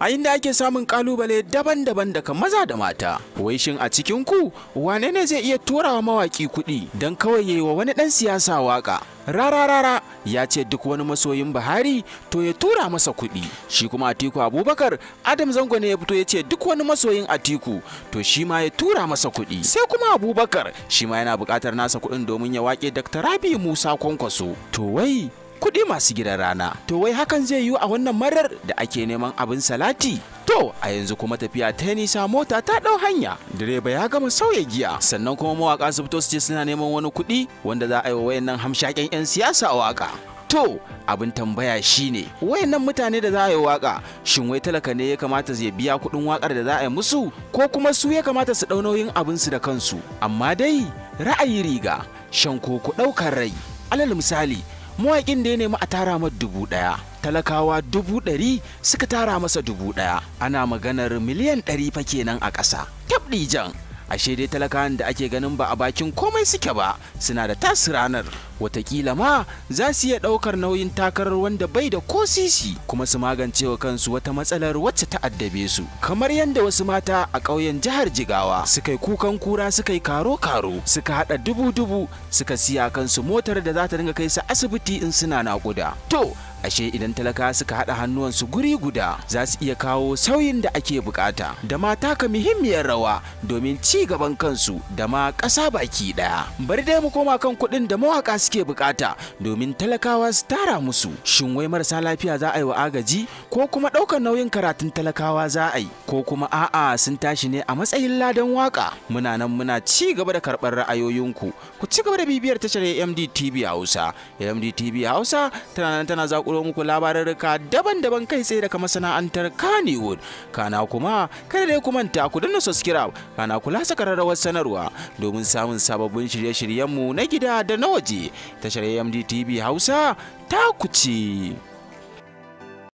a inda ake samun kalubale daban-daban daga maza da mata wai shin a cikin ku wane ne zai iya turawa mawaki kuɗi don kawai yayi wa wani ɗan siyasa waka rararara ya ce duk wani masoyin buhari to ya tura masa kuɗi shi kuma atiku abubakar adam zango ne ya fito ya ce duk wani masoyin atiku to shi ma ya tura masa kuɗi sai kuma abubakar shi ma yana buƙatar nasa kuɗin domin ya wake dr rabi musa kwankwaso to wai kuɗi masu gidan rana to wai hakan zai yiwu a wannan marar da ake neman abin salati To a yanzu kuma tafiya ta nisa mota ta ɗau hanya direba ya gama sauya giya sannan kuma mawaka su fito su ce suna neman wani kuɗi wanda za a yi wa wayannan hamshaken 'yan siyasa a waka. To abin tambaya ne wayannan mutane da za a yi waka shin wai talaka ne ya kamata zai biya kuɗin wakar da za a yi musu ko kuma su ya kamata su ɗau nauyin abin su da kansu amma dai ra'ayi riga shan koko ɗaukar rai alal misali mawaƙin da ya nemi a tara ma dubu ɗaya talakawa dubu ɗari suka tara masa dubu ɗaya ana maganar miliyan ɗari fa kenan a ƙasa jan. ashe dai talakawan da ake ganin ba a bakin komai suke ba suna da tasu ranar watakila ma za su iya ɗaukar nauyin takarar wanda bai da ko sisi kuma su magance wa kansu wata matsalar wacce ta addabe su kamar yadda wasu mata a ƙauyen jihar jigawa suka yi kukan kura suka yi karo-karo suka haɗa dubu-dubu suka siya kansu motar da za ta dinga kai su asibiti in suna naƙuda to ashe idan talaka suka haɗa hannuwansu guri guda za su iya kawo sauyin da ake bukata da ma taka muhimmiyar rawa domin ci gaban kansu da ma ƙasa baki ɗaya bari dai mu koma kan kuɗin da mawaƙa suke bukata domin talakawa su tara musu shin wai marasa lafiya za a yi wa agaji ko kuma ɗaukar nauyin karatun talakawa za a yi ko kuma a'a sun tashi ne a matsayin ladan waƙa? muna nan muna ci gaba da karɓar ra'ayoyinku ku ci gaba da bibiyar tashar AMD TV Hausa AMD TV Hausa tana nan tana zaƙo zakulo muku labararruka daban-daban kai tsaye daga masana'antar Kannywood. Kana kuma kada dai ku manta ku danna subscribe kana kula saka rarrawar sanarwa domin samun sababbin shirye-shiryenmu na gida da na waje. Tashar AMD TV Hausa ta ku ce.